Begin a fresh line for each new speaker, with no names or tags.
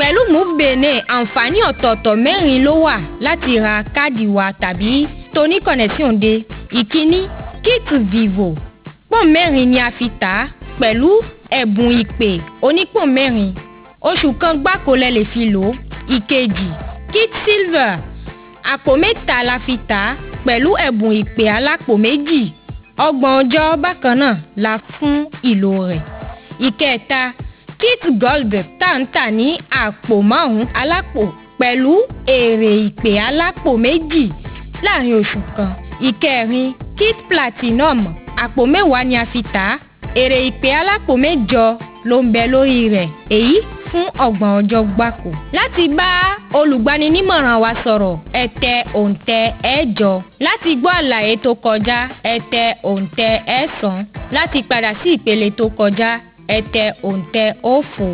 pẹ̀lú move bene àǹfààní ọ̀tọ̀ọ̀tọ̀ mẹ́rin ló wà láti ra káàdì wa tàbí tóní connection de ìkíní kit vivo pọ́n mẹ́rin ni a fi tà á pẹ̀lú ẹ̀bùn ìpè onípò mẹ́rin oṣù kan gbáko lẹ lè fi lò ó ìkejì kit silver àpò mẹ́ta la fi tà á pẹ̀lú ẹ̀bùn ìpè alápò méjì ọgbọ̀n ọjọ́ bákan náà la fún ìlò rẹ̀ ìkẹta kit gold tàǹtà ní àpò márùn-ún alápò pẹ̀lú èrè ìpè alápò méjì láàrin oṣù kan. ìkẹrin kit platinum àpò mẹ́wàá ni a fi tà á èrè ìpè alápò mẹ́jọ ló ń bẹ lórí rẹ̀ èyí fún ọgbọ̀n ọjọ́ gbáko. láti bá olùgbaninímọ̀ràn wa sọ̀rọ̀ ẹ tẹ òǹtẹ̀ ẹ̀jọ láti gbọ́ àlàyé tó kọjá ẹ tẹ òǹtẹ̀ ẹ̀sán láti padà sí ìpele tó kọjá ẹ tẹ òǹtẹ̀
òfo